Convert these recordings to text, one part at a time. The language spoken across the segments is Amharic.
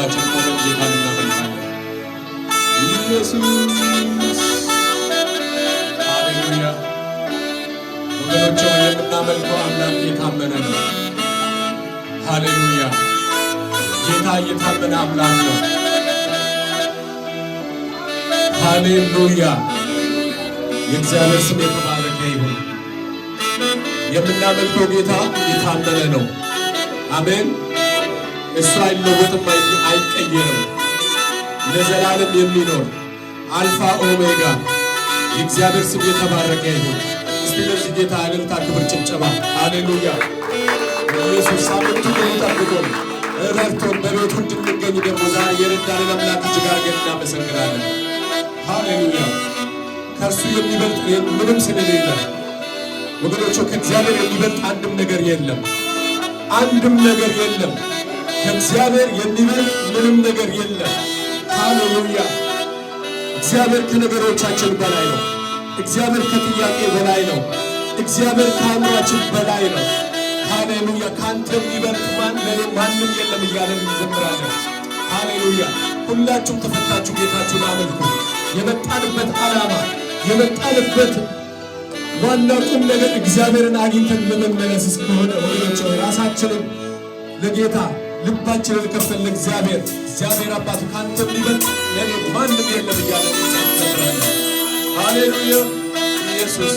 ሁላችን ቆመን ጌታን እናመልካለን። ኢየሱስ ወገኖች የምናመልከው አምላክ የታመነ ነው። ሃሌሉያ። ጌታ እየታመነ አምላክ ነው። ሃሌሉያ። የእግዚአብሔር ስም የተባረከ ይሁን። የምናመልከው ጌታ የታመነ ነው። አሜን። እሱ አይለወጥም፣ አይቀየርም፣ ለዘላለም የሚኖር አልፋ ኦሜጋ የእግዚአብሔር ስም የተባረከ ይሁን። እስቲ ለዚህ ጌታ እልልታ፣ ክብር፣ ጭብጨባ። ሃሌሉያ። ኢየሱስ ሳምንቱ ሁሉ ጠብቆን ረድቶን በቤቱ እንድንገኝ ደግሞ ዛሬ የረዳንን አምላክ እጅግ አድርገን እናመሰግናለን። ሃሌሉያ! ከእርሱ የሚበልጥ ምንም ስለሌለ ወገኖቹ፣ ከእግዚአብሔር የሚበልጥ አንድም ነገር የለም፣ አንድም ነገር የለም። ከእግዚአብሔር የሚበልጥ ምንም ነገር የለም። ሃሌሉያ! እግዚአብሔር ከነገሮቻችን በላይ ነው። እግዚአብሔር ከጥያቄ በላይ ነው። እግዚአብሔር ከአእምሯችን በላይ ነው። ሃሌሉያ! ከአንተ የሚበልጥ ማን ማንም የለም እያለን እንዘምራለን። ሃሌሉያ! ሁላችሁም ተፈታችሁ ጌታችሁን አመልኩ። የመጣንበት ዓላማ የመጣንበት ዋና ቁም ነገር እግዚአብሔርን አግኝተን ለመመለስ እስከሆነ ወይኖች ራሳችንን ለጌታ ልባችንን ከፈለ እግዚአብሔር እግዚአብሔር አባቱ ካንተ የሚበልጥ ለእኔ ማንም የለም እያለ ጸልራለ። ሃሌሉያ ኢየሱስ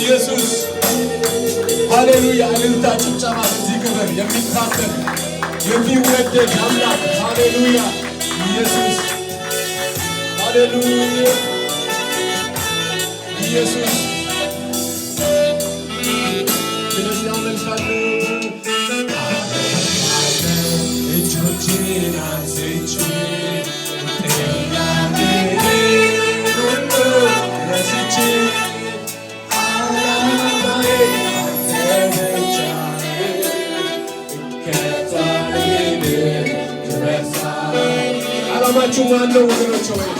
ኢየሱስ ሃሌሉያ። እልልታ ጭብጨባ እዚህ ክብር የሚታበል የሚወደድ አምላክ ሃሌሉያ። ኢየሱስ ሃሌሉያ ኢየሱስ ስማችሁ ማን ነው ወገኖች?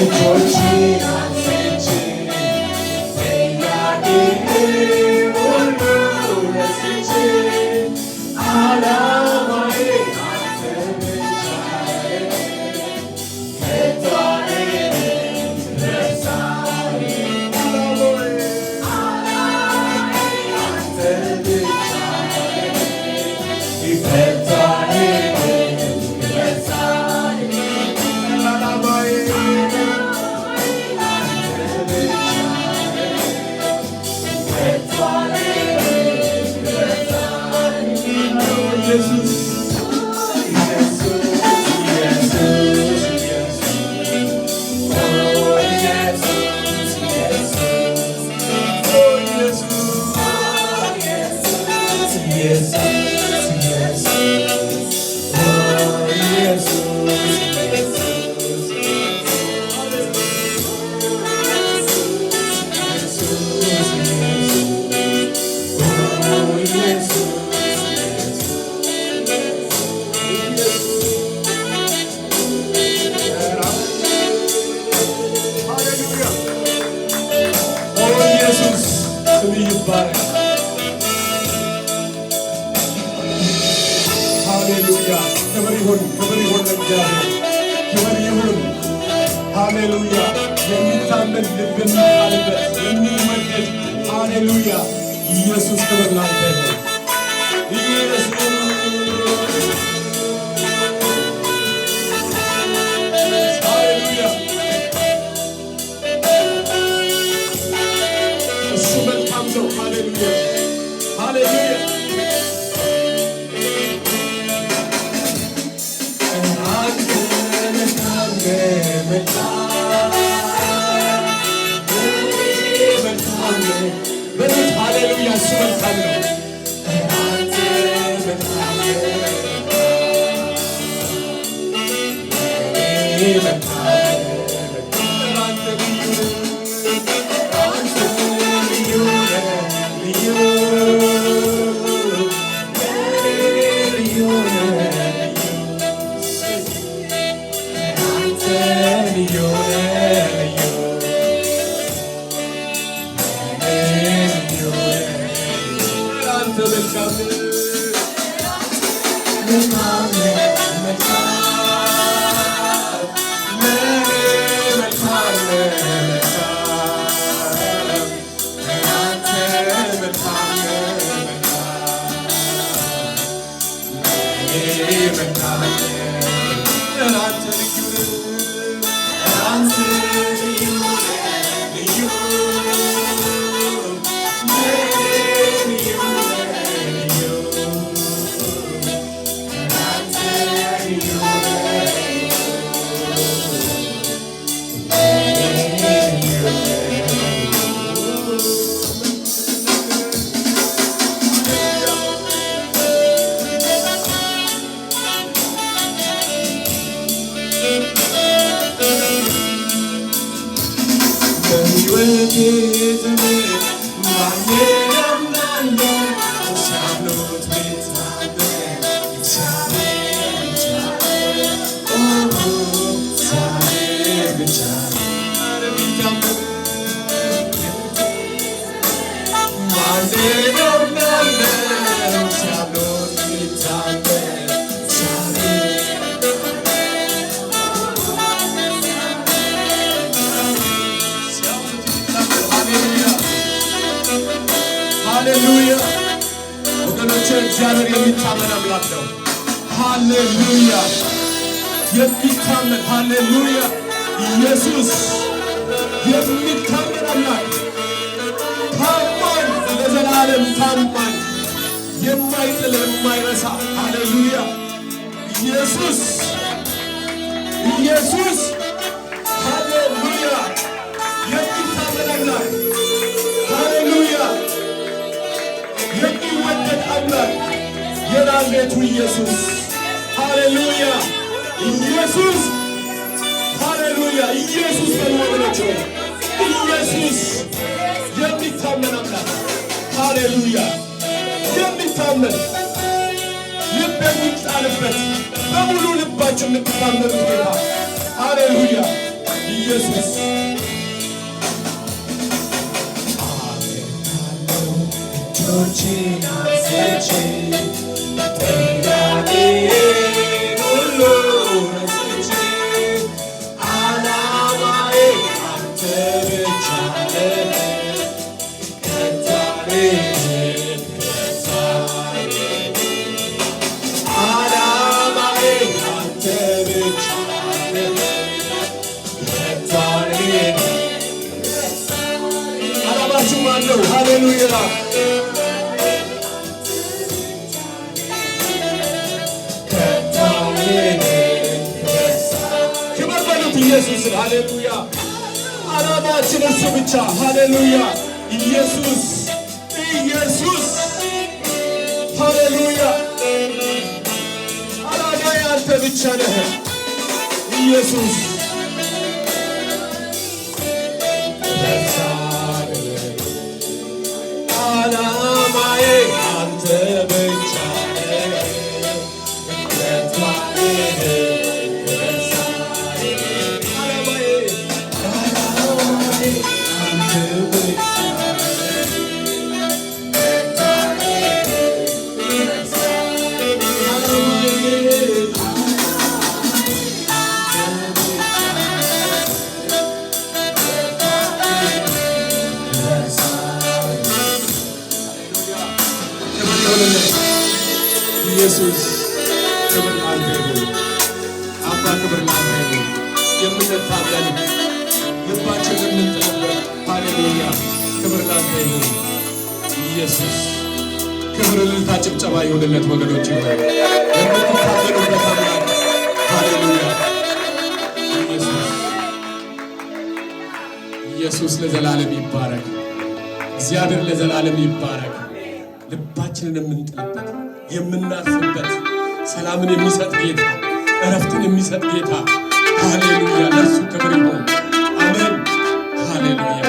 Enjoy ሃሌሉያ የሚታመን ልብን አለበት የሚመለስ ሃሌሉያ ኢየሱስ ክብር ላንተ ይሁን ኢየሱስ milliones. tears ሃሌሉያ ወገኖቼ፣ እግዚአብሔር የሚታመን አምላክ ነው። ሃሌሉያ የሚታመን ሃሌሉያ ኢየሱስ የሚታመን አምላክ ታማኝ፣ ለዘላለም ታማኝ፣ የማይጥል የማይረሳ ሃሌሉያ ኢየሱስ ኢየሱስ የናዝሬቱ ኢየሱስ ሃሌሉያ፣ ኢየሱስ ሃሌሉያ፣ ኢየሱስ በሚወግናቸው ኢየሱስ የሚታመን አምላክ ሃሌሉያ፣ የሚታመን ልብ የሚጣልበት በሙሉ ልባችሁ የምትታመኑት ጌታ Emmanuel. Hallelujah. ኢየሱስን ሃሌሉያ አላማችን እርሱ ብቻ ሃሌሉያ ኢየሱስ ኢየሱስ ሃሌሉያ አላማ ያንተ ብቻ ነህ ኢየሱስ ኢየሱስ ክብር ላንተ ይሁን። አባ ክብር ላንተ ይሁን። የምንታገል ልባችን የምንጥልበት ሃሌሉያ ክብር ላንተ ይሁን ኢየሱስ። ክብር ልልታ፣ ጭብጨባ ይሁንለት ወገኖች፣ ይሆናል የምትታገሉበት አምላክ ሃሌሉያ ኢየሱስ። ለዘላለም ይባረክ። እግዚአብሔር ለዘላለም ይባረክ። ልባችንን የምንጥልበት የምናስበት ሰላምን የሚሰጥ ጌታ፣ እረፍትን የሚሰጥ ጌታ። ሃሌሉያ! ለእርሱ ክብር ይሁን። አሜን። ሃሌሉያ!